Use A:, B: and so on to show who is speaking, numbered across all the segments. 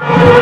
A: you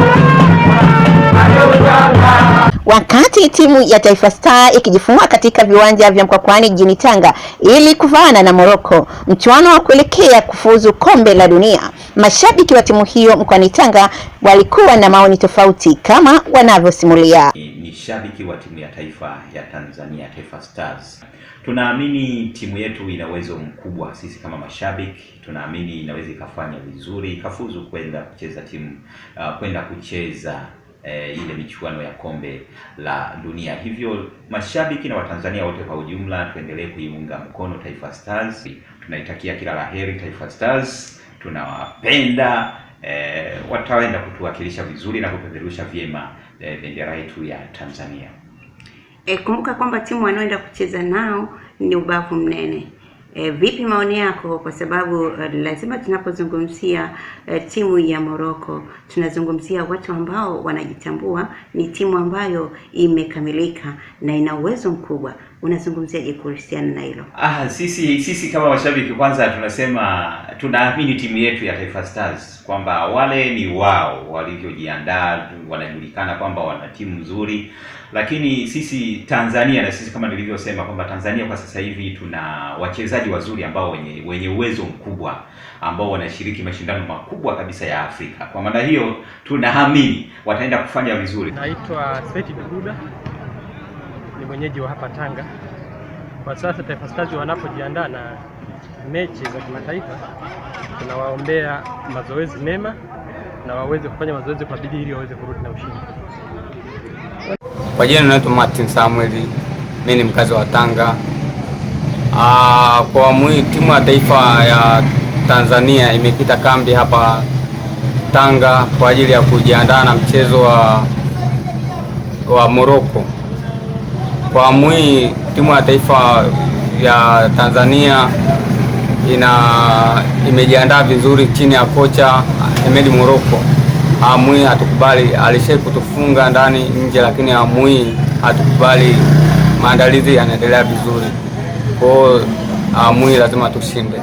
A: Wakati timu ya Taifa star ikijifungua katika viwanja vya Mkwakwani jijini Tanga ili kuvaana na Morocco mchuano wa kuelekea kufuzu kombe la dunia, mashabiki wa timu hiyo mkoani Tanga walikuwa na maoni tofauti kama wanavyosimulia.
B: Ni shabiki wa timu ya taifa ya Tanzania, Taifa Stars. Tunaamini timu yetu ina uwezo mkubwa. Sisi kama mashabiki tunaamini inaweza ikafanya vizuri, ikafuzu kwenda kucheza timu uh, kwenda kucheza eh, ile michuano ya kombe la dunia. Hivyo mashabiki na Watanzania wote kwa ujumla tuendelee kuiunga mkono Taifa Stars. Tunaitakia kila laheri Taifa Stars, tunawapenda eh, wataenda kutuwakilisha vizuri na kupeperusha vyema eh, bendera yetu ya Tanzania.
C: E, kumbuka kwamba timu wanaoenda kucheza nao ni ubavu mnene. E, vipi maoni yako? Kwa sababu uh, lazima tunapozungumzia uh, timu ya Morocco tunazungumzia watu ambao wanajitambua, ni timu ambayo imekamilika na ina uwezo mkubwa unazungumziaje kuhusiana na hilo?
B: Ah, sisi sisi kama washabiki kwanza tunasema tunaamini timu yetu ya Taifa Stars kwamba wale ni wao walivyojiandaa, wanajulikana kwamba wana timu nzuri, lakini sisi Tanzania na sisi kama nilivyosema kwamba Tanzania kwa sasa hivi tuna wachezaji wazuri ambao wenye wenye uwezo mkubwa ambao wanashiriki mashindano makubwa kabisa ya Afrika. Kwa maana hiyo tunaamini wataenda kufanya vizuri.
D: Naitwa Seti Duda ni mwenyeji wa hapa Tanga. Kwa sasa Taifa Stars wanapojiandaa na mechi za kimataifa, tunawaombea mazoezi mema na waweze kufanya mazoezi kwa bidii ili waweze kurudi na ushindi.
E: Kwa jina naitwa Martin Samuel, mimi ni mkazi wa Tanga. Aa, ah, kwa mwi, timu ya taifa ya Tanzania imekita kambi hapa Tanga kwa ajili ya kujiandaa na mchezo wa, wa Morocco. Kwa awamu timu ya taifa ya Tanzania ina imejiandaa vizuri chini ya kocha Hemedi Moroko. Amui ah, hatukubali, alishai kutufunga ndani nje, lakini amui ah, hatukubali. Maandalizi yanaendelea vizuri, kwa amui ah, lazima tushinde.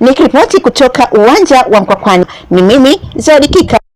A: Nikiripoti kutoka uwanja wa Mkwakwani, ni mimi Zodi Kika.